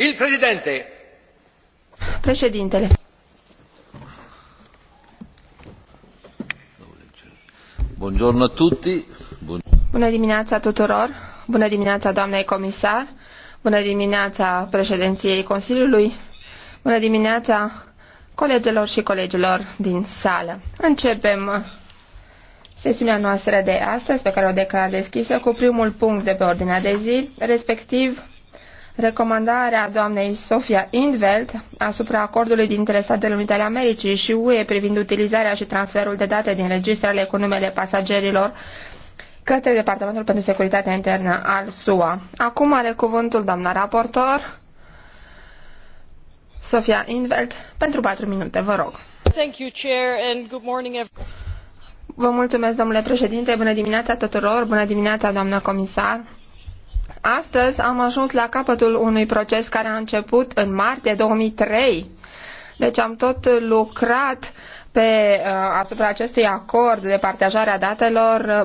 Il Presidente. Președintele. Buongiorno a tutti. Bun... Bună dimineața tuturor. Bună dimineața doamnei comisar. Bună dimineața președinției Consiliului. Bună dimineața colegilor și colegilor din sală. Începem uh, sesiunea noastră de astăzi, pe care o declar deschisă, cu primul punct de pe ordinea de zi, respectiv Recomandarea doamnei Sofia Indveld asupra acordului dintre Statele Unite ale Americii și UE privind utilizarea și transferul de date din registrele cu numele pasagerilor către Departamentul pentru Securitatea Internă al SUA. Acum are cuvântul doamna raportor Sofia Indveld pentru 4 minute, vă rog. Thank you, Chair, and good morning, Vă mulțumesc, domnule președinte, bună dimineața tuturor, bună dimineața, doamnă comisar. Astăzi am ajuns la capătul unui proces care a început în martie 2003. Deci am tot lucrat pe, uh, asupra acestui acord de partajare a datelor